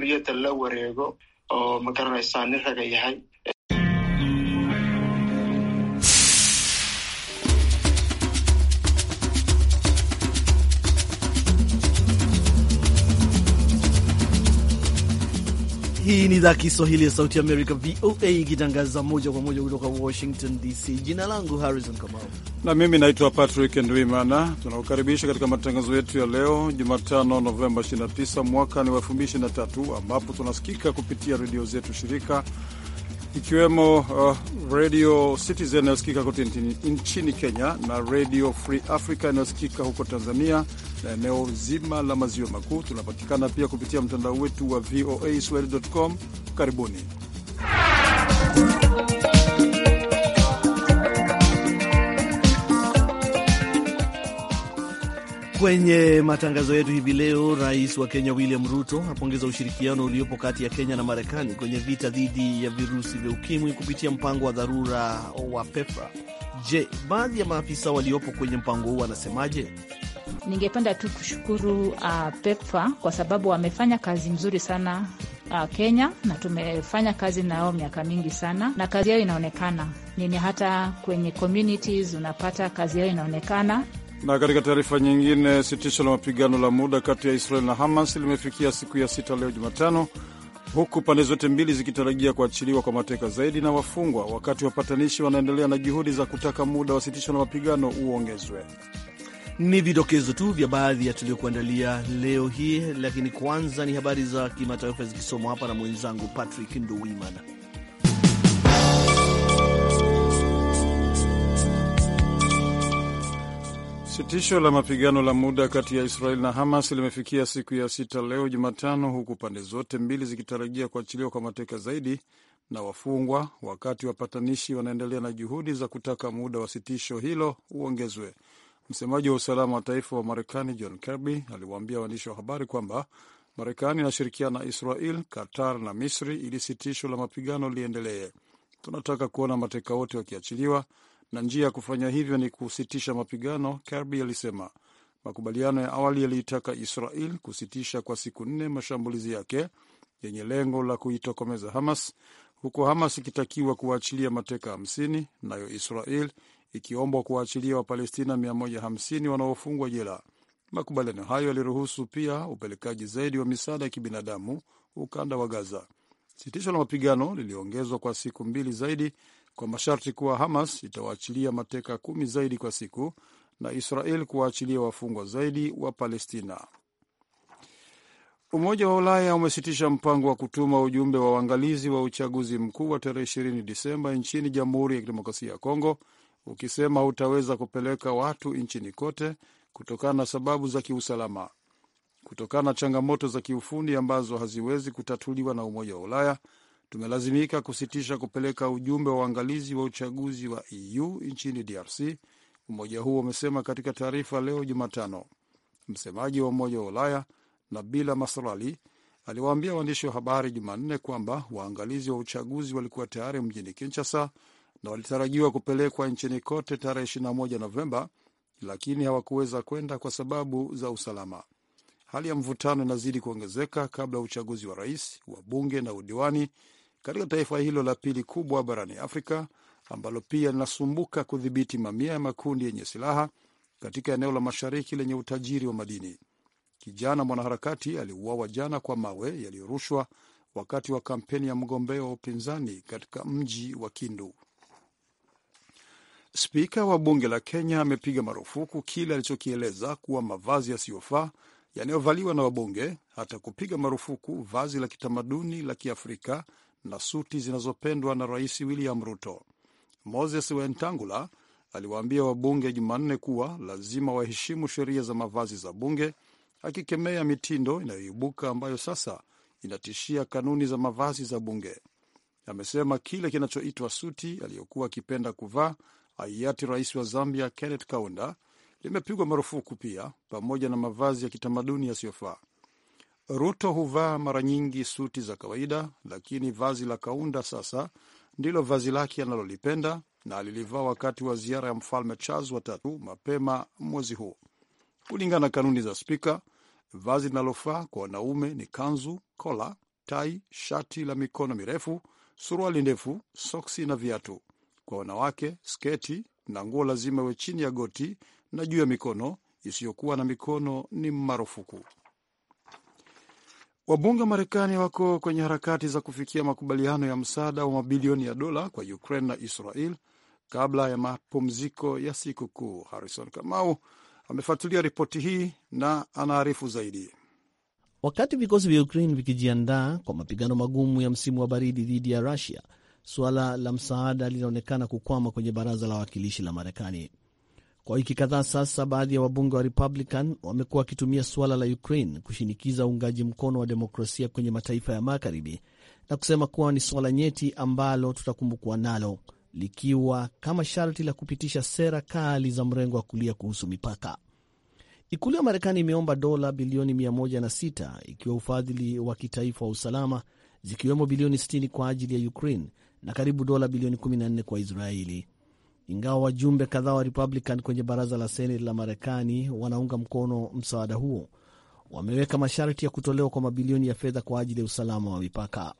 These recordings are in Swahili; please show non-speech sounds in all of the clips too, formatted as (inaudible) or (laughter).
liyada la wareego oo ma garanaysaa nin raga yahay Hii ni idhaa Kiswahili ya Sauti Amerika, VOA, ikitangaza moja kwa moja kutoka Washington DC. Jina langu Harrison Kamau na mimi naitwa Patrick Ndwimana. Tunakukaribisha katika matangazo yetu ya leo Jumatano, Novemba 29 mwaka ni wa 2023, ambapo tunasikika kupitia redio zetu shirika ikiwemo uh, Radio Citizen inayosikika kote nchini Kenya na Radio Free Africa inayosikika huko Tanzania na eneo zima la maziwa makuu. Tunapatikana pia kupitia mtandao wetu wa VOA swahili.com. Karibuni. Kwenye matangazo yetu hivi leo, rais wa Kenya William Ruto apongeza ushirikiano uliopo kati ya Kenya na Marekani kwenye vita dhidi ya virusi vya ukimwi kupitia mpango wa dharura wa PEPFAR. Je, baadhi ya maafisa waliopo kwenye mpango huu wanasemaje? Ningependa tu kushukuru uh, PEPFAR kwa sababu wamefanya kazi mzuri sana uh, Kenya na tumefanya kazi nao miaka mingi sana, na kazi yao inaonekana nini, hata kwenye communities unapata kazi yao inaonekana. Na katika taarifa nyingine, sitisho la mapigano la muda kati ya Israel na Hamas limefikia siku ya sita leo Jumatano, huku pande zote mbili zikitarajia kuachiliwa kwa mateka zaidi na wafungwa, wakati wapatanishi wanaendelea na juhudi za kutaka muda wa sitisho la mapigano uongezwe. Ni vidokezo tu vya baadhi ya tuliokuandalia leo hii, lakini kwanza ni habari za kimataifa zikisomwa hapa na mwenzangu Patrick Nduwimana. Sitisho la mapigano la muda kati ya Israel na Hamas limefikia siku ya sita leo Jumatano, huku pande zote mbili zikitarajia kuachiliwa kwa mateka zaidi na wafungwa, wakati wapatanishi wanaendelea na juhudi za kutaka muda wa sitisho hilo uongezwe. Msemaji wa usalama wa taifa wa Marekani John Kirby aliwaambia waandishi wa habari kwamba Marekani inashirikiana na Israel, Qatar na Misri ili sitisho la mapigano liendelee. Tunataka kuona mateka wote wakiachiliwa na njia ya kufanya hivyo ni kusitisha mapigano, Kirby alisema. Makubaliano ya awali yaliitaka Israel kusitisha kwa siku nne mashambulizi yake yenye lengo la kuitokomeza Hamas, huku Hamas ikitakiwa kuwaachilia mateka 50 nayo Israel ikiombwa kuwaachilia Wapalestina 150 wanaofungwa jela. Makubaliano hayo yaliruhusu pia upelekaji zaidi wa misaada ya kibinadamu ukanda wa Gaza. Sitisho la mapigano liliongezwa kwa siku mbili zaidi kwa masharti kuwa Hamas itawaachilia mateka kumi zaidi kwa siku na Israel kuwaachilia wafungwa zaidi wa Palestina. Umoja wa Ulaya umesitisha mpango wa kutuma ujumbe wa uangalizi wa uchaguzi mkuu wa tarehe ishirini Disemba nchini Jamhuri ya Kidemokrasia ya Kongo, ukisema hutaweza kupeleka watu nchini kote kutokana na sababu za kiusalama. Kutokana na changamoto za kiufundi ambazo haziwezi kutatuliwa na Umoja wa Ulaya, tumelazimika kusitisha kupeleka ujumbe wa uangalizi wa uchaguzi wa EU nchini DRC, umoja huo umesema katika taarifa leo Jumatano. Msemaji wa Umoja wa Ulaya Nabila Masrali aliwaambia waandishi wa habari Jumanne kwamba waangalizi wa uchaguzi walikuwa tayari mjini Kinshasa na walitarajiwa kupelekwa nchini kote tarehe 21 Novemba, lakini hawakuweza kwenda kwa sababu za usalama. Hali ya mvutano inazidi kuongezeka kabla ya uchaguzi wa rais, wa bunge na udiwani katika taifa hilo la pili kubwa barani Afrika ambalo pia linasumbuka kudhibiti mamia ya makundi yenye silaha katika eneo la mashariki lenye utajiri wa madini. Kijana mwanaharakati aliuawa jana kwa mawe yaliyorushwa wakati wa kampeni ya mgombea wa upinzani katika mji wa Kindu. Spika wa bunge la Kenya amepiga marufuku kile alichokieleza kuwa mavazi yasiyofaa yanayovaliwa na wabunge, hata kupiga marufuku vazi la kitamaduni la Kiafrika na suti zinazopendwa na Rais William Ruto. Moses Wentangula aliwaambia wabunge Jumanne kuwa lazima waheshimu sheria za mavazi za bunge, akikemea mitindo inayoibuka ambayo sasa inatishia kanuni za mavazi za bunge. Amesema kile kinachoitwa suti aliyokuwa akipenda kuvaa hayati rais wa Zambia Kenneth Kaunda limepigwa marufuku pia, pamoja na mavazi ya kitamaduni yasiyofaa. Ruto huvaa mara nyingi suti za kawaida, lakini vazi la kaunda sasa ndilo vazi lake analolipenda na alilivaa wakati wa ziara ya mfalme Charles watatu mapema mwezi huu. Kulingana na kanuni za spika, vazi linalofaa kwa wanaume ni kanzu, kola, tai, shati la mikono mirefu, suruali ndefu, soksi na viatu. Kwa wanawake, sketi na nguo lazima iwe chini ya goti na juu ya mikono isiyokuwa na mikono ni marufuku. Wabunge wa Marekani wako kwenye harakati za kufikia makubaliano ya msaada wa mabilioni ya dola kwa Ukraine na Israel kabla ya mapumziko ya siku kuu. Harrison Kamau amefuatilia ripoti hii na anaarifu zaidi. Wakati vikosi vya Ukraine vikijiandaa kwa mapigano magumu ya msimu wa baridi dhidi ya Rusia, suala la msaada linaonekana kukwama kwenye baraza la wawakilishi la Marekani. Kwa wiki kadhaa sasa, baadhi ya wabunge wa Republican wamekuwa wakitumia suala la Ukraine kushinikiza uungaji mkono wa demokrasia kwenye mataifa ya Magharibi na kusema kuwa ni suala nyeti ambalo tutakumbukwa nalo likiwa kama sharti la kupitisha sera kali za mrengo wa kulia kuhusu mipaka. Ikulu ya Marekani imeomba dola bilioni 106 ikiwa ufadhili wa kitaifa wa usalama, zikiwemo bilioni 60 kwa ajili ya Ukraine na karibu dola bilioni 14 kwa Israeli ingawa wajumbe kadhaa wa Republican kwenye baraza la Seneti la Marekani wanaunga mkono msaada huo, wameweka masharti ya kutolewa kwa mabilioni ya fedha kwa ajili ya usalama wa mipaka.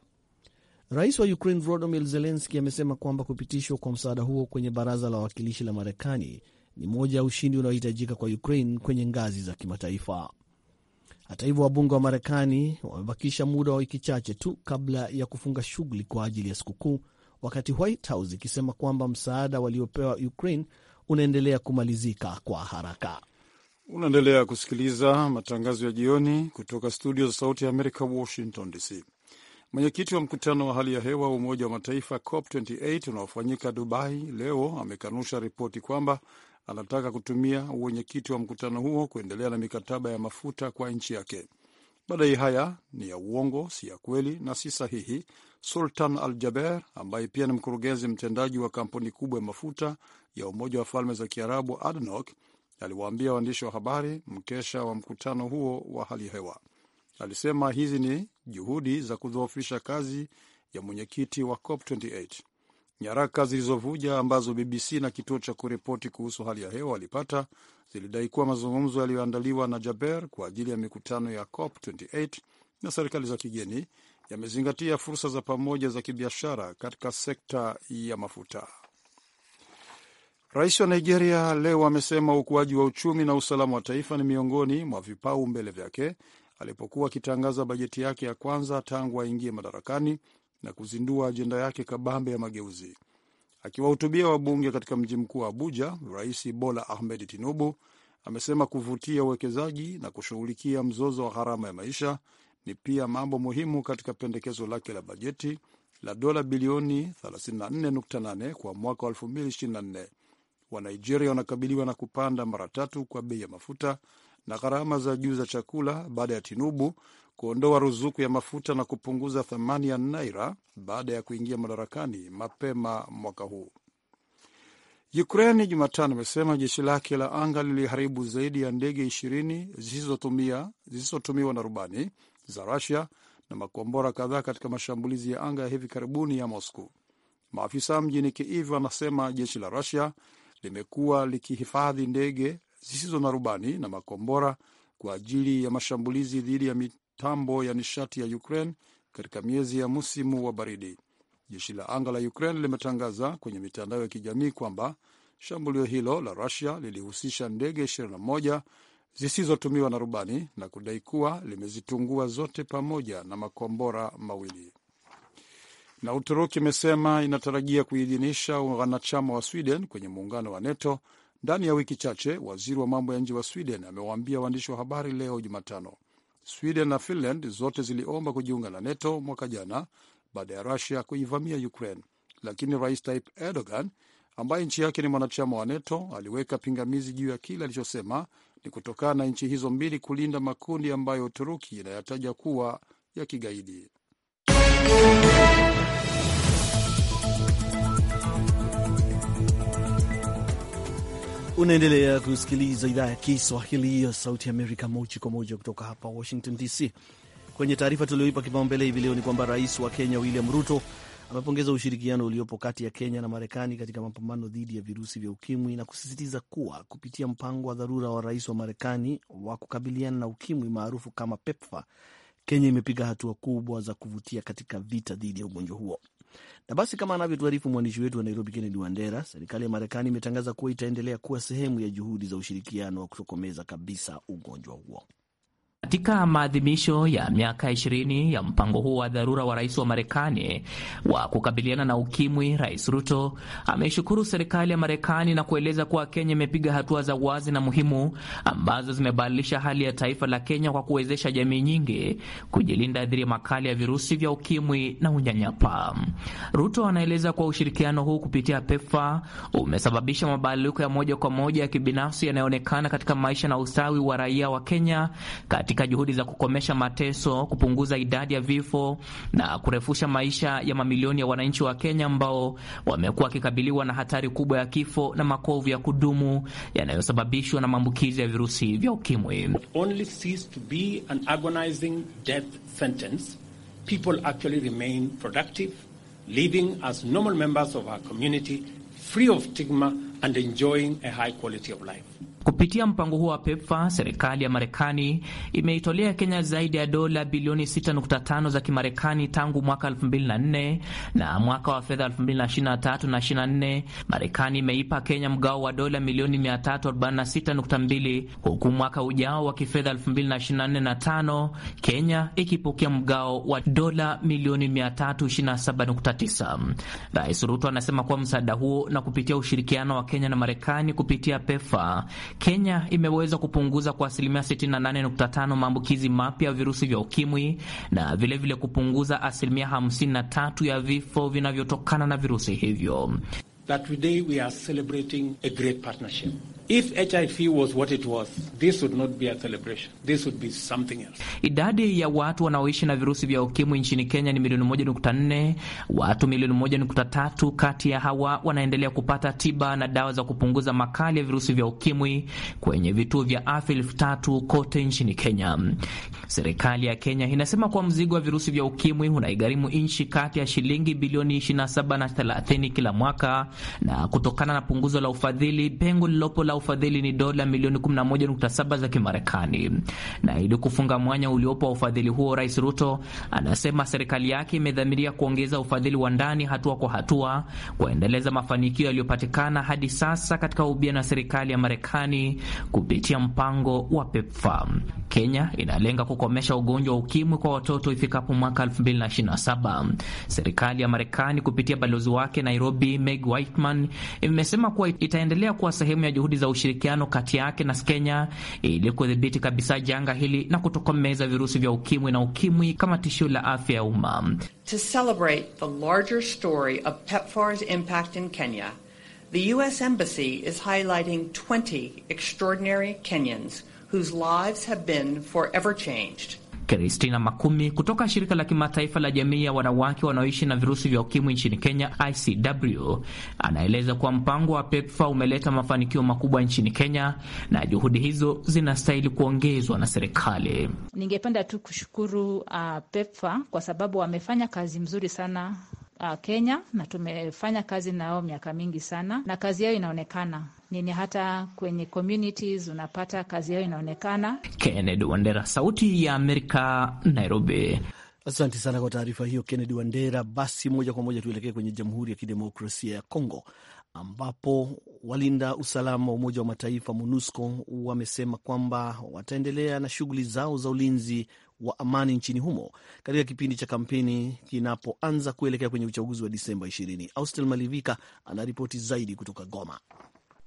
Rais wa Ukraine Volodymyr Zelensky amesema kwamba kupitishwa kwa msaada huo kwenye baraza la wawakilishi la Marekani ni moja ya ushindi unaohitajika kwa Ukraine kwenye ngazi za kimataifa. Hata hivyo, wabunge wa Marekani wamebakisha muda wa wiki chache tu kabla ya kufunga shughuli kwa ajili ya sikukuu wakati White House ikisema kwamba msaada waliopewa Ukraine unaendelea kumalizika kwa haraka. Unaendelea kusikiliza matangazo ya jioni kutoka studio za Sauti ya Amerika, Washington DC. Mwenyekiti wa mkutano wa hali ya hewa wa Umoja wa Mataifa COP 28 unaofanyika Dubai leo amekanusha ripoti kwamba anataka kutumia uwenyekiti wa mkutano huo kuendelea na mikataba ya mafuta kwa nchi yake. Madai haya ni ya uongo, si ya kweli na si sahihi, Sultan Al Jaber ambaye pia ni mkurugenzi mtendaji wa kampuni kubwa ya mafuta ya Umoja wa Falme za Kiarabu ADNOC aliwaambia waandishi wa habari mkesha wa mkutano huo wa hali ya hewa. Alisema hizi ni juhudi za kudhoofisha kazi ya mwenyekiti wa COP28. Nyaraka zilizovuja ambazo BBC na kituo cha kuripoti kuhusu hali ya hewa walipata zilidai kuwa mazungumzo yaliyoandaliwa na Jaber kwa ajili ya mikutano ya COP28 na serikali za kigeni yamezingatia fursa za pamoja za kibiashara katika sekta ya mafuta. Rais wa Nigeria leo amesema ukuaji wa uchumi na usalama wa taifa ni miongoni mwa vipau mbele vyake alipokuwa akitangaza bajeti yake ya kwanza tangu aingie madarakani na kuzindua ajenda yake kabambe ya mageuzi. Akiwahutubia wabunge katika mji mkuu wa Abuja, Rais Bola Ahmed Tinubu amesema kuvutia uwekezaji na kushughulikia mzozo wa gharama ya maisha ni pia mambo muhimu katika pendekezo lake la bajeti la dola bilioni 34.8 kwa mwaka wa 2024. Wanigeria wanakabiliwa na kupanda mara tatu kwa bei ya mafuta na gharama za juu za chakula baada ya Tinubu kuondoa ruzuku ya mafuta na kupunguza thamani ya naira baada ya kuingia madarakani mapema mwaka huu. Ukraine Jumatano imesema jeshi lake la anga liliharibu zaidi ya ndege ishirini zisizotumiwa na rubani za Rusia na makombora kadhaa katika mashambulizi ya anga ya hivi karibuni ya Moscow. Maafisa mjini Kiev wanasema jeshi la Rusia limekuwa likihifadhi ndege zisizo na rubani na makombora kwa ajili ya mashambulizi dhidi ya mitambo ya nishati ya Ukraine katika miezi ya msimu wa baridi. Jeshi la anga la Ukraine limetangaza kwenye mitandao ya kijamii kwamba shambulio hilo la Rusia lilihusisha ndege 21 zisizotumiwa na rubani na kudai kuwa limezitungua zote pamoja na makombora mawili. Na Uturuki imesema inatarajia kuidhinisha wanachama wa Sweden kwenye muungano wa NATO ndani ya wiki chache. Waziri wa mambo ya nje wa Sweden amewaambia waandishi wa habari leo Jumatano. Sweden na Finland zote ziliomba kujiunga na NATO mwaka jana baada ya Rusia kuivamia Ukraine, lakini Rais Tayyip Erdogan ambaye nchi yake ni mwanachama wa NATO aliweka pingamizi juu ya kile alichosema ni kutokana na nchi hizo mbili kulinda makundi ambayo Uturuki inayataja kuwa ya kigaidi. Unaendelea kusikiliza idhaa ya Kiswahili ya Sauti ya Amerika moja kwa moja kutoka hapa Washington DC. Kwenye taarifa tulioipa kipaumbele hivi leo ni kwamba rais wa Kenya William Ruto amepongeza ushirikiano uliopo kati ya Kenya na Marekani katika mapambano dhidi ya virusi vya ukimwi na kusisitiza kuwa kupitia mpango wa dharura wa rais wa Marekani wa kukabiliana na ukimwi maarufu kama PEPFAR, Kenya imepiga hatua kubwa za kuvutia katika vita dhidi ya ugonjwa huo. Na basi kama anavyotuarifu mwandishi wetu wa Nairobi, Kennedy Wandera, serikali ya Marekani imetangaza kuwa itaendelea kuwa sehemu ya juhudi za ushirikiano wa kutokomeza kabisa ugonjwa huo. Katika maadhimisho ya miaka 20 ya mpango huo wa dharura wa rais wa Marekani wa kukabiliana na ukimwi, Rais Ruto ameshukuru serikali ya Marekani na kueleza kuwa Kenya imepiga hatua za wazi na muhimu ambazo zimebadilisha hali ya taifa la Kenya kwa kuwezesha jamii nyingi kujilinda dhidi ya makali ya virusi vya ukimwi na unyanyapaa. Ruto anaeleza kuwa ushirikiano huu kupitia PEPFAR umesababisha mabadiliko ya moja kwa moja ya kibinafsi yanayoonekana katika maisha na ustawi wa raia wa Kenya katika katika juhudi za kukomesha mateso, kupunguza idadi ya vifo na kurefusha maisha ya mamilioni ya wananchi wa Kenya ambao wamekuwa wakikabiliwa na hatari kubwa ya kifo na makovu ya kudumu yanayosababishwa na maambukizi ya virusi vya ukimwi. Free of stigma and enjoying a high quality of life. Kupitia mpango huo wa pepfa serikali ya Marekani imeitolea Kenya zaidi ya dola bilioni 6.5 za Kimarekani tangu mwaka 2004 na mwaka wa fedha 2023 na 24 Marekani imeipa Kenya mgao wa dola milioni 346.2, huku mwaka ujao wa kifedha 2024 na 5 Kenya ikipokea mgao wa dola milioni 327.9. Rais Ruto anasema kuwa msaada huo na kupitia ushirikiano wa Kenya na Marekani kupitia PEPFAR Kenya imeweza kupunguza kwa asilimia 68.5 maambukizi mapya ya virusi vya ukimwi na vilevile vile kupunguza asilimia 53 ya vifo vinavyotokana na virusi hivyo. That today we are celebrating a great partnership. Idadi ya watu wanaoishi na virusi vya ukimwi nchini Kenya ni milioni 1.4. Watu milioni 1.3 kati ya hawa wanaendelea kupata tiba na dawa za kupunguza makali ya virusi vya ukimwi kwenye vituo vya afya elfu tatu kote nchini Kenya. Serikali ya Kenya inasema kuwa mzigo wa virusi vya ukimwi unaigharimu nchi kati ya shilingi bilioni 27 na 30 kila mwaka, na kutokana na punguzo la ufadhili pengo lilopo la ufadhili ni dola milioni 11.7 za Kimarekani, na ili kufunga mwanya uliopo wa ufadhili huo, Rais Ruto anasema serikali yake imedhamiria kuongeza ufadhili wa ndani hatua kwa hatua kuendeleza mafanikio yaliyopatikana hadi sasa katika ubia na serikali ya Marekani kupitia mpango wa PEPFAR. Kenya inalenga kukomesha ugonjwa wa ukimwi kwa watoto ifikapo mwaka 2027. Serikali ya Marekani kupitia balozi wake Nairobi, Meg Whitman, imesema kuwa itaendelea kuwa sehemu ya juhudi za ushirikiano kati yake na Kenya eh, ili kudhibiti kabisa janga hili na kutokomeza virusi vya ukimwi na ukimwi kama tishio la afya ya umma. To celebrate the larger story of PEPFAR's impact in Kenya, the US Embassy is highlighting 20 extraordinary Kenyans whose lives have been forever changed Kristina Makumi kutoka shirika la kimataifa la jamii ya wanawake wanaoishi na virusi vya ukimwi nchini Kenya, ICW, anaeleza kuwa mpango wa PEPFA umeleta mafanikio makubwa nchini Kenya na juhudi hizo zinastahili kuongezwa na serikali. Ningependa tu kushukuru uh, PEPFA kwa sababu wamefanya kazi mzuri sana Uh, Kenya na tumefanya kazi nao miaka mingi sana, na kazi yao inaonekana nini, hata kwenye communities unapata kazi yao inaonekana. Kennedy Wandera, Sauti ya Amerika, Nairobi. Asante sana kwa taarifa hiyo Kennedy Wandera. Basi moja kwa moja tuelekee kwenye Jamhuri ya Kidemokrasia ya Kongo ambapo walinda usalama wa Umoja wa Mataifa MONUSCO wamesema kwamba wataendelea na shughuli zao za ulinzi wa amani nchini humo katika kipindi cha kampeni kinapoanza kuelekea kwenye uchaguzi wa Disemba 20. Austel Malivika anaripoti zaidi kutoka Goma.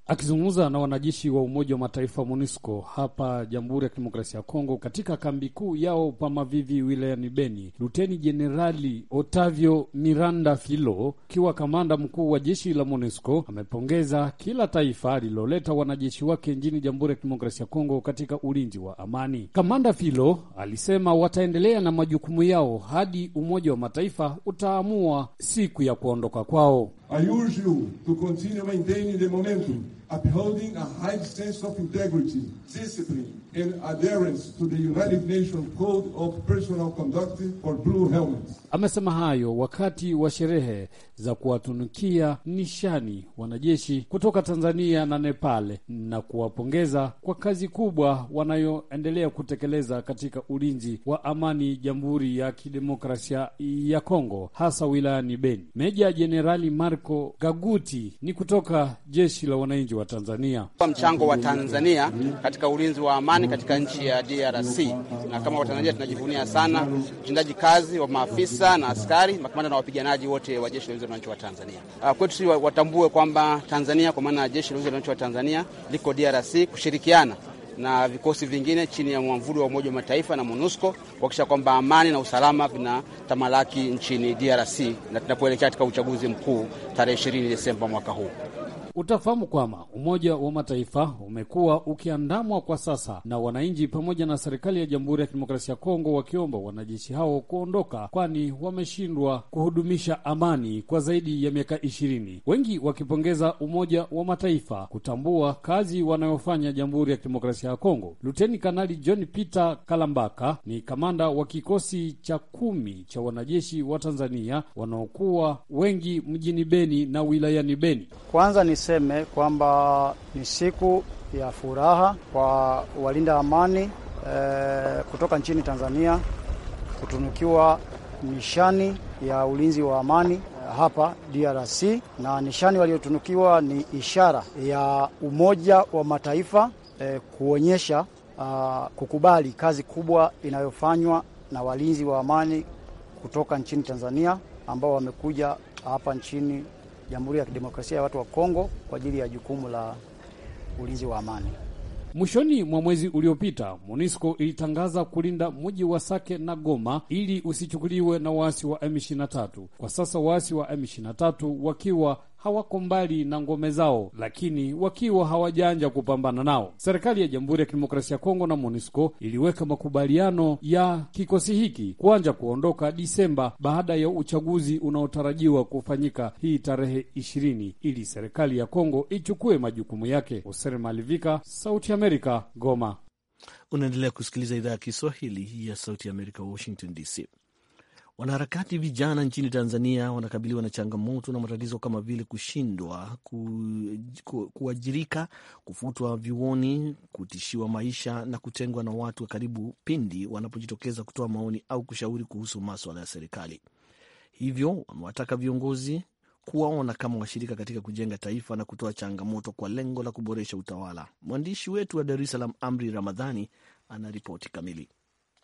Akizungumza na wanajeshi wa Umoja wa Mataifa MONUSCO hapa Jamhuri ya Kidemokrasia ya Kongo katika kambi kuu yao mavivi wilayani Beni, Luteni Jenerali Otavio Miranda Filo akiwa kamanda mkuu wa jeshi la MONUSCO amepongeza kila taifa lililoleta wanajeshi wake nchini Jamhuri ya Kidemokrasia ya Kongo katika ulinzi wa amani. Kamanda Filo alisema wataendelea na majukumu yao hadi Umoja wa Mataifa utaamua siku ya kuondoka kwao. I urge you to continue maintaining the momentum, upholding a high sense of integrity, discipline, in adherence to the United Nations Code of Personal Conduct for Blue Helmets. Amesema hayo wakati wa sherehe za kuwatunukia nishani wanajeshi kutoka Tanzania na Nepal na kuwapongeza kwa kazi kubwa wanayoendelea kutekeleza katika ulinzi wa amani Jamhuri ya Kidemokrasia ya Kongo hasa wilayani Beni. Meja Jenerali Marco Gaguti ni kutoka jeshi la wananchi wa Tanzania. Mchango wa Tanzania katika ulinzi wa amani amani katika nchi ya DRC, na kama Watanzania tunajivunia sana utendaji kazi wa maafisa na askari, makamanda na wapiganaji wote wa jeshi la ulinzi la wananchi wa Tanzania. Ah, kwetu si watambue kwamba Tanzania kwa maana ya jeshi la ulinzi la wananchi wa Tanzania liko DRC kushirikiana na vikosi vingine chini ya mwamvuli wa Umoja wa Mataifa na MONUSCO kuhakikisha kwamba amani na usalama vinatamalaki nchini DRC na tunapoelekea katika uchaguzi mkuu tarehe 20 Desemba mwaka huu. Utafahamu kwamba Umoja wa Mataifa umekuwa ukiandamwa kwa sasa na wananchi pamoja na serikali ya Jamhuri ya Kidemokrasia ya Kongo wakiomba wanajeshi hao kuondoka, kwani wameshindwa kuhudumisha amani kwa zaidi ya miaka ishirini, wengi wakipongeza Umoja wa Mataifa kutambua kazi wanayofanya Jamhuri ya Kidemokrasia ya Kongo. Luteni Kanali John Peter Kalambaka ni kamanda wa kikosi cha kumi cha wanajeshi wa Tanzania wanaokuwa wengi mjini Beni na wilayani Beni. Kwanza ni niseme kwamba ni siku ya furaha kwa walinda amani e, kutoka nchini Tanzania kutunukiwa nishani ya ulinzi wa amani eh, hapa DRC na nishani waliotunukiwa ni ishara ya Umoja wa Mataifa e, kuonyesha a, ah, kukubali kazi kubwa inayofanywa na walinzi wa amani kutoka nchini Tanzania ambao wamekuja hapa nchini Jamhuri ya Kidemokrasia ya Watu wa Kongo kwa ajili ya jukumu la ulinzi wa amani. Mwishoni mwa mwezi uliopita, MONUSCO ilitangaza kulinda mji wa Sake na Goma ili usichukuliwe na waasi wa M23. Kwa sasa waasi wa M23 wakiwa hawako mbali na ngome zao, lakini wakiwa hawajanja kupambana nao. Serikali ya Jamhuri ya Kidemokrasia ya Kongo na MONUSCO iliweka makubaliano ya kikosi hiki kuanja kuondoka Disemba baada ya uchaguzi unaotarajiwa kufanyika hii tarehe ishirini ili serikali ya Kongo ichukue majukumu yake. Hoser Malivika, Sauti Amerika, Goma. Unaendelea kusikiliza idhaa ya Kiswahili ya Sauti Amerika, Washington DC. Wanaharakati vijana nchini Tanzania wanakabiliwa na changamoto na matatizo kama vile kushindwa ku, ku, kuajirika, kufutwa vyuoni, kutishiwa maisha na kutengwa na watu wa karibu pindi wanapojitokeza kutoa maoni au kushauri kuhusu maswala ya serikali. Hivyo wamewataka viongozi kuwaona kama washirika katika kujenga taifa na kutoa changamoto kwa lengo la kuboresha utawala. Mwandishi wetu wa Dar es Salaam, Amri Ramadhani, ana ripoti kamili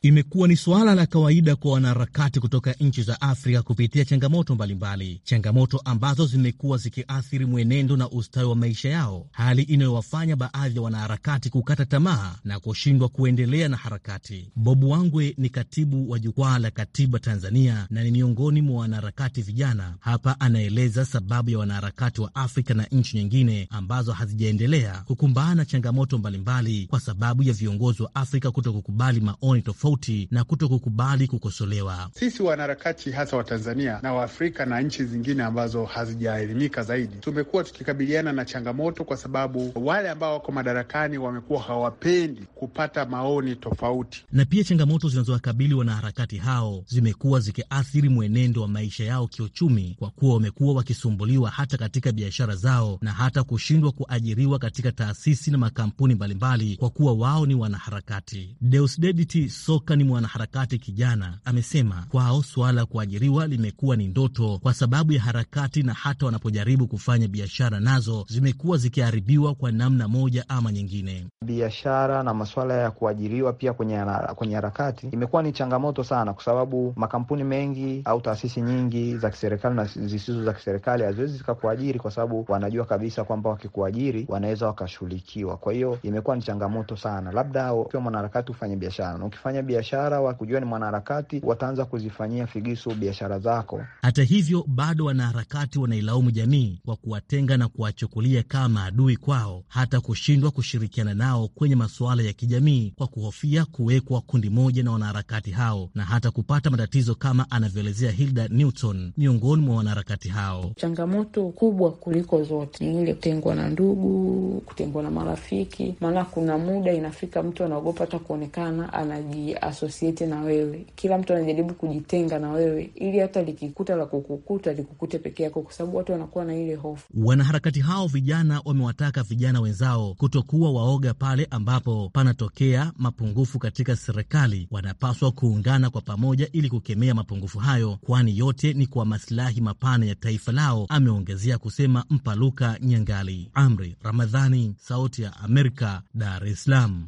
imekuwa ni suala la kawaida kwa wanaharakati kutoka nchi za Afrika kupitia changamoto mbalimbali, changamoto ambazo zimekuwa zikiathiri mwenendo na ustawi wa maisha yao, hali inayowafanya baadhi ya wanaharakati kukata tamaa na kushindwa kuendelea na harakati. Bobu Wangwe ni katibu wa Jukwaa la Katiba Tanzania na ni miongoni mwa wanaharakati vijana. Hapa anaeleza sababu ya wanaharakati wa Afrika na nchi nyingine ambazo hazijaendelea kukumbana changamoto mbalimbali kwa sababu ya viongozi wa Afrika kukubali maoni tofauti tofauti na kuto kukubali kukosolewa. Sisi wanaharakati hasa wa Tanzania na Waafrika na nchi zingine ambazo hazijaelimika zaidi, tumekuwa tukikabiliana na changamoto kwa sababu wale ambao wako madarakani wamekuwa hawapendi kupata maoni tofauti, na pia changamoto zinazowakabili wanaharakati hao zimekuwa zikiathiri mwenendo wa maisha yao kiuchumi, kwa kuwa wamekuwa wakisumbuliwa hata katika biashara zao na hata kushindwa kuajiriwa katika taasisi na makampuni mbalimbali kwa kuwa wao ni wanaharakati. Deusdedit so Loka ni mwanaharakati kijana, amesema kwao suala la kuajiriwa limekuwa ni ndoto kwa sababu ya harakati, na hata wanapojaribu kufanya biashara nazo zimekuwa zikiharibiwa kwa namna moja ama nyingine. Biashara na masuala ya kuajiriwa pia kwenye, kwenye harakati imekuwa ni changamoto sana, kwa sababu makampuni mengi au taasisi nyingi za kiserikali na zisizo za kiserikali haziwezi zikakuajiri kwa sababu wanajua kabisa kwamba wakikuajiri wanaweza wakashughulikiwa. Kwa hiyo imekuwa ni changamoto sana, labda ukiwa mwanaharakati ufanye biashara na ukifanya biashara, wakujua ni mwanaharakati, wataanza kuzifanyia figisu biashara zako. Hata hivyo, bado wanaharakati wanailaumu jamii kwa kuwatenga na kuwachukulia kama adui kwao, hata kushindwa kushirikiana nao kwenye masuala ya kijamii kwa kuhofia kuwekwa kundi moja na wanaharakati hao na hata kupata matatizo kama anavyoelezea Hilda Newton, miongoni mwa wanaharakati hao. Changamoto kubwa kuliko zote ni ile kutengwa na ndugu, kutengwa na marafiki, maana kuna muda inafika mtu anaogopa hata kuonekana, anaji asijiasosiete na wewe. Kila mtu anajaribu kujitenga na wewe, ili hata likikuta la kukukuta likukute peke yako, kwa sababu watu wanakuwa na ile hofu. Wanaharakati hao vijana wamewataka vijana wenzao kutokuwa waoga pale ambapo panatokea mapungufu katika serikali. Wanapaswa kuungana kwa pamoja ili kukemea mapungufu hayo, kwani yote ni kwa masilahi mapana ya taifa lao, ameongezea kusema Mpaluka Nyangali. Amri Ramadhani, Sauti ya Amerika, Dar es Salaam.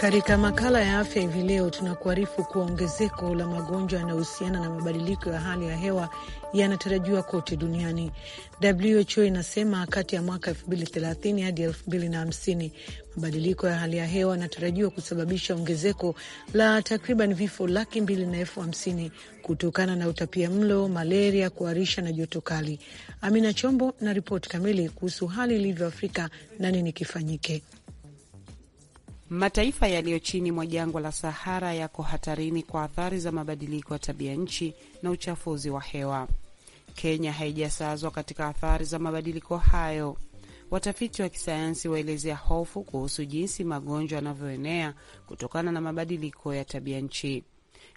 Katika makala ya afya hivi leo tunakuarifu kuwa ongezeko la magonjwa yanayohusiana na mabadiliko ya hali ya hewa yanatarajiwa kote duniani. WHO inasema kati ya mwaka 2030 hadi 2050 mabadiliko ya hali ya hewa yanatarajiwa kusababisha ongezeko la takriban vifo laki mbili na elfu hamsini kutokana na utapia mlo, malaria, kuharisha na joto kali. Amina Chombo na ripoti kamili kuhusu hali ilivyo Afrika na nini kifanyike. Mataifa yaliyo chini mwa jangwa la Sahara yako hatarini kwa athari za mabadiliko ya tabia nchi na uchafuzi wa hewa. Kenya haijasazwa katika athari za mabadiliko hayo. Watafiti wa kisayansi waelezea hofu kuhusu jinsi magonjwa yanavyoenea kutokana na mabadiliko ya tabia nchi.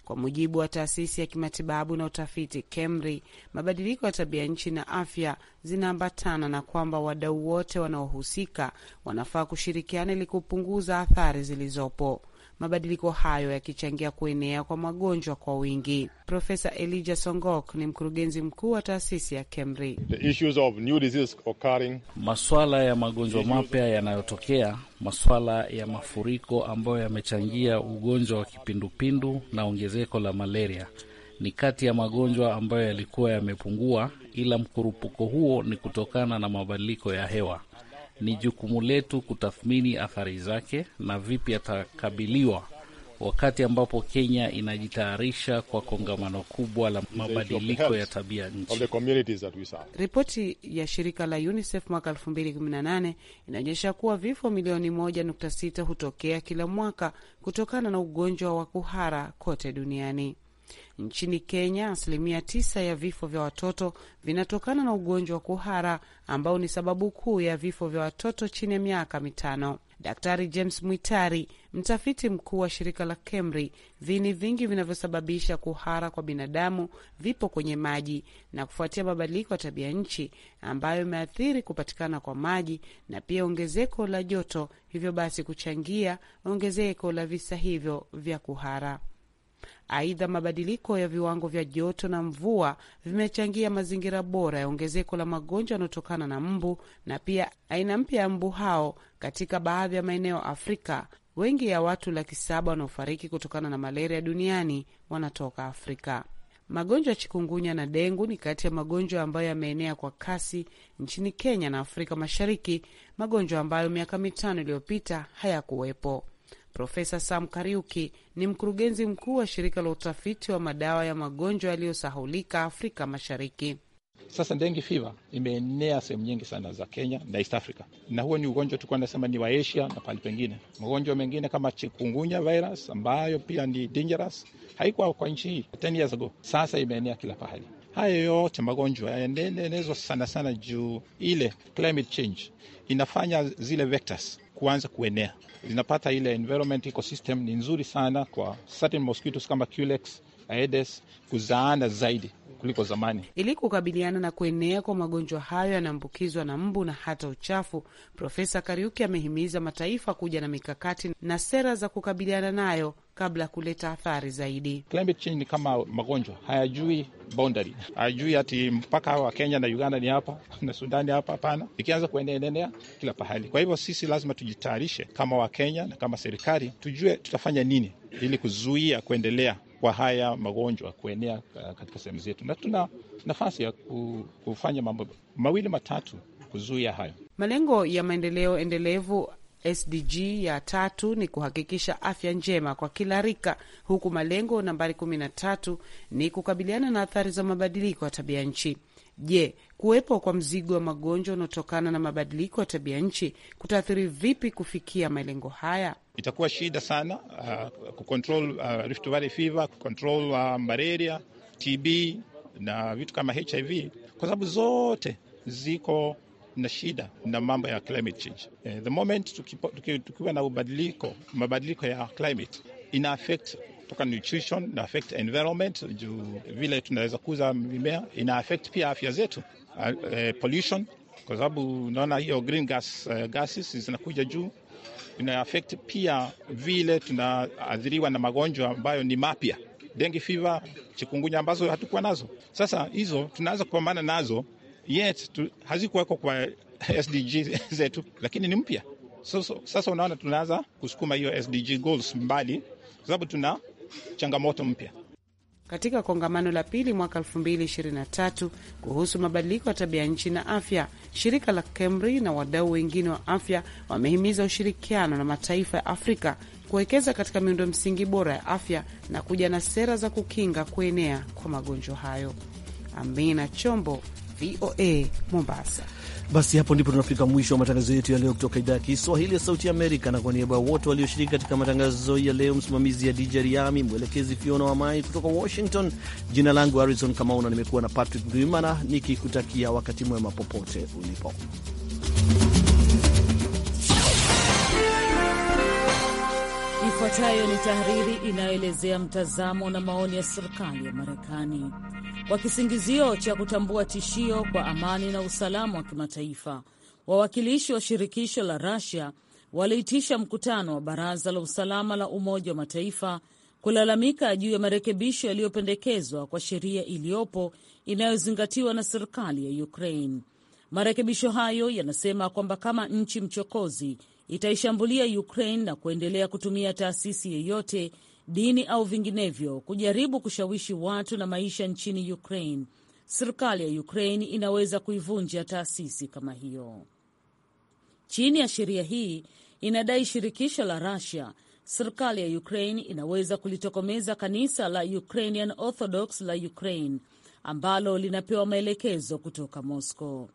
Kwa mujibu wa taasisi ya kimatibabu na utafiti KEMRI, mabadiliko ya tabia nchi na afya zinaambatana na kwamba wadau wote wanaohusika wanafaa kushirikiana ili kupunguza athari zilizopo mabadiliko hayo yakichangia kuenea kwa magonjwa kwa wingi. Profesa Elijah Songok ni mkurugenzi mkuu wa taasisi ya KEMRI. Maswala ya magonjwa mapya yanayotokea, maswala ya mafuriko ambayo yamechangia ugonjwa wa kipindupindu na ongezeko la malaria ni kati ya magonjwa ambayo yalikuwa yamepungua, ila mkurupuko huo ni kutokana na mabadiliko ya hewa. Ni jukumu letu kutathmini athari zake na vipi atakabiliwa wakati ambapo Kenya inajitayarisha kwa kongamano kubwa la mabadiliko ya tabia nchi. Ripoti ya shirika la UNICEF mwaka 2018 inaonyesha kuwa vifo milioni 1.6 hutokea kila mwaka kutokana na ugonjwa wa kuhara kote duniani. Nchini Kenya, asilimia tisa ya vifo vya watoto vinatokana na ugonjwa wa kuhara ambao ni sababu kuu ya vifo vya watoto chini ya miaka mitano. Daktari James Mwitari, mtafiti mkuu wa shirika la KEMRI, viini vingi vinavyosababisha kuhara kwa binadamu vipo kwenye maji, na kufuatia mabadiliko ya tabia nchi ambayo imeathiri kupatikana kwa maji na pia ongezeko la joto, hivyo basi kuchangia ongezeko la visa hivyo vya kuhara. Aidha, mabadiliko ya viwango vya joto na mvua vimechangia mazingira bora ya ongezeko la magonjwa yanayotokana na mbu na pia aina mpya ya mbu hao katika baadhi ya maeneo Afrika. Wengi ya watu laki saba wanaofariki kutokana na malaria duniani wanatoka Afrika. Magonjwa ya chikungunya na dengu ni kati ya magonjwa ambayo yameenea kwa kasi nchini Kenya na Afrika Mashariki, magonjwa ambayo miaka mitano iliyopita hayakuwepo. Profesa Sam Kariuki ni mkurugenzi mkuu wa shirika la utafiti wa madawa ya magonjwa yaliyosahulika Afrika Mashariki. Sasa ndengi fiva imeenea sehemu nyingi sana za Kenya na East Africa, na huo ni ugonjwa tulikuwa nasema ni wa Asia na pahali pengine. Magonjwa mengine kama chikungunya virus ambayo pia ni dangerous haikuwa kwa nchi hii 10 years ago, sasa imeenea kila pahali hayo yote magonjwa yanaenezwa sana sana juu ile climate change inafanya zile vectors kuanza kuenea, zinapata ile environment ecosystem ni nzuri sana kwa certain mosquitoes kama Culex Aedes kuzaana zaidi kuliko zamani. Ili kukabiliana na kuenea kwa magonjwa hayo yanaambukizwa na mbu na hata uchafu, Profesa Kariuki amehimiza mataifa kuja na mikakati na sera za kukabiliana nayo kabla ya kuleta athari zaidi. Climate change ni kama magonjwa, hayajui boundary, hayajui hati mpaka wa Kenya na Uganda ni hapa na Sudani hapa, hapana, ikianza kueneenea kila pahali. Kwa hivyo sisi lazima tujitayarishe kama Wakenya na kama serikali, tujue tutafanya nini ili kuzuia kuendelea kwa haya magonjwa kuenea uh, katika sehemu zetu, na tuna nafasi ya kufanya mambo mawili matatu kuzuia hayo. Malengo ya maendeleo endelevu SDG ya tatu ni kuhakikisha afya njema kwa kila rika, huku malengo nambari kumi na tatu ni kukabiliana na athari za mabadiliko ya tabia nchi. Je, kuwepo kwa mzigo wa magonjwa unaotokana na mabadiliko ya tabia nchi kutaathiri vipi kufikia malengo haya? Itakuwa shida sana uh, kucontrol uh, Rift Valley fever, kucontrol uh, malaria, TB na vitu kama HIV, kwa sababu zote ziko na shida na mambo ya climate change. Eh, the moment tukiwa na ubadiliko, mabadiliko ya climate ina affect toka nutrition, na affect environment, juu vile tunaweza kuza mimea, ina affect pia afya zetu, uh, uh, pollution kwa sababu unaona hiyo green gas, uh, gases zinakuja juu, ina affect pia vile tunaathiriwa na magonjwa ambayo ni mapya, dengue fever, chikungunya ambazo hatukuwa nazo. Sasa hizo tunaweza kupambana nazo yet hazikuwekwa kwa SDG (laughs) zetu, lakini ni mpya. Sasa, sasa unaona tunaanza kusukuma hiyo SDG goals mbali kwa sababu tuna changamoto mpya. Katika kongamano la pili mwaka 2023 kuhusu mabadiliko ya tabia nchi na afya, shirika la KEMRI na wadau wengine wa afya wamehimiza ushirikiano na mataifa ya Afrika kuwekeza katika miundo msingi bora ya afya na kuja na sera za kukinga kuenea kwa magonjwa hayo. Amina Chombo, VOA Mombasa. Basi hapo ndipo tunafika mwisho wa matangazo yetu ya leo kutoka idhaa ya Kiswahili ya Sauti Amerika, na kwa niaba ya wote walioshiriki katika matangazo ya leo, msimamizi ya DJ Riami, mwelekezi Fiona wa Mai kutoka Washington. Jina langu Harrison Kamau na nimekuwa na Patrick Duimana nikikutakia wakati mwema popote ulipo. Ifuatayo ni tahariri inayoelezea mtazamo na maoni ya serikali ya Marekani kwa kisingizio cha kutambua tishio kwa amani na usalama wa kimataifa. Wawakilishi wa shirikisho la rasia waliitisha mkutano wa baraza la usalama la Umoja wa Mataifa kulalamika juu ya marekebisho yaliyopendekezwa kwa sheria iliyopo inayozingatiwa na serikali ya Ukraine. Marekebisho hayo yanasema kwamba kama nchi mchokozi itaishambulia Ukraine na kuendelea kutumia taasisi yeyote dini au vinginevyo kujaribu kushawishi watu na maisha nchini Ukraine. Serikali ya Ukraine inaweza kuivunja taasisi kama hiyo. Chini ya sheria hii inadai shirikisho la Russia, serikali ya Ukraine inaweza kulitokomeza kanisa la Ukrainian Orthodox la Ukraine ambalo linapewa maelekezo kutoka Moscow.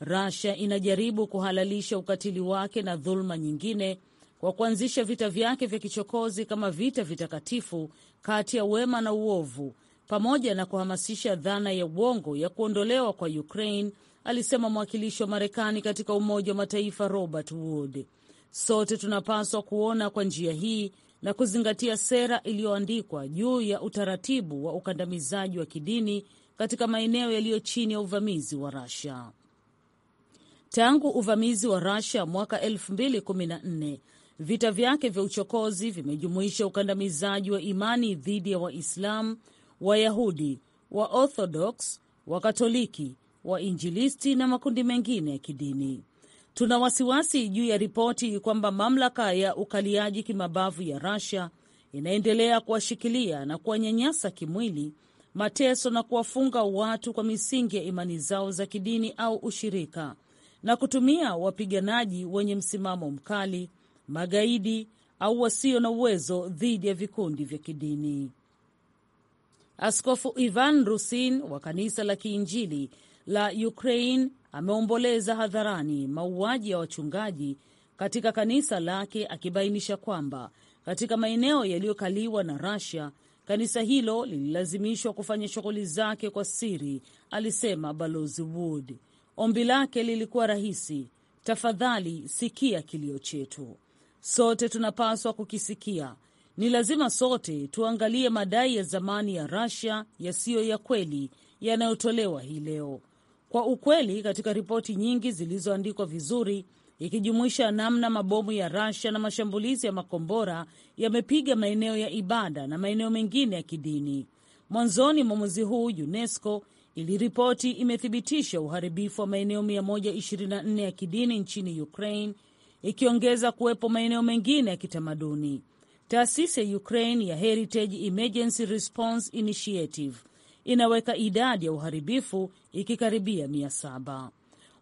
Russia inajaribu kuhalalisha ukatili wake na dhuluma nyingine wa kuanzisha vita vyake vya kichokozi kama vita vitakatifu kati ya wema na uovu, pamoja na kuhamasisha dhana ya uongo ya kuondolewa kwa Ukraine, alisema mwakilishi wa Marekani katika Umoja wa Mataifa Robert Wood. Sote tunapaswa kuona kwa njia hii na kuzingatia sera iliyoandikwa juu ya utaratibu wa ukandamizaji wa kidini katika maeneo yaliyo chini ya uvamizi wa rusia Tangu uvamizi wa rasia mwaka Vita vyake vya uchokozi vimejumuisha ukandamizaji wa imani dhidi ya Waislamu, Wayahudi, Waorthodox, Wakatoliki, Wainjilisti na makundi mengine ya kidini. Tuna wasiwasi juu ya ripoti kwamba mamlaka ya ukaliaji kimabavu ya Russia inaendelea kuwashikilia na kuwanyanyasa kimwili, mateso na kuwafunga watu kwa misingi ya imani zao za kidini au ushirika, na kutumia wapiganaji wenye msimamo mkali magaidi au wasio na uwezo dhidi ya vikundi vya kidini. Askofu Ivan Rusin wa kanisa la Kiinjili la Ukraine ameomboleza hadharani mauaji ya wachungaji katika kanisa lake, akibainisha kwamba katika maeneo yaliyokaliwa na Russia, kanisa hilo lililazimishwa kufanya shughuli zake kwa siri, alisema Balozi Wood. Ombi lake lilikuwa rahisi, tafadhali sikia kilio chetu. Sote tunapaswa kukisikia. Ni lazima sote tuangalie madai ya zamani ya Russia yasiyo ya kweli yanayotolewa hii leo. Kwa ukweli, katika ripoti nyingi zilizoandikwa vizuri, ikijumuisha namna mabomu ya Russia na mashambulizi ya makombora yamepiga maeneo ya ibada na maeneo mengine ya kidini. Mwanzoni mwa mwezi huu UNESCO iliripoti imethibitisha uharibifu wa maeneo 124 ya kidini nchini Ukraine ikiongeza kuwepo maeneo mengine ya kitamaduni. Taasisi ya Ukraine ya Heritage Emergency Response Initiative inaweka idadi ya uharibifu ikikaribia mia saba.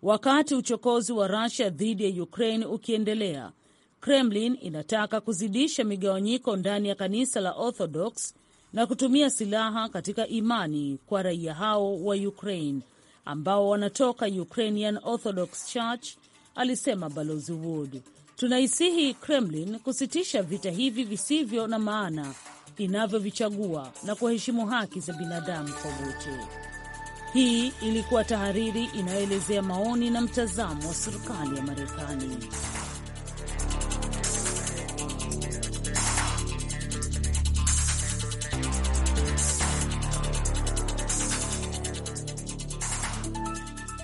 Wakati uchokozi wa rusia dhidi ya Ukraine ukiendelea, Kremlin inataka kuzidisha migawanyiko ndani ya kanisa la Orthodox na kutumia silaha katika imani kwa raia hao wa Ukraine ambao wanatoka Ukrainian Orthodox Church alisema Balozi Wood. Tunaisihi Kremlin kusitisha vita hivi visivyo na maana inavyovichagua na kuheshimu haki za binadamu kwa wote. Hii ilikuwa tahariri inayoelezea maoni na mtazamo wa serikali ya Marekani.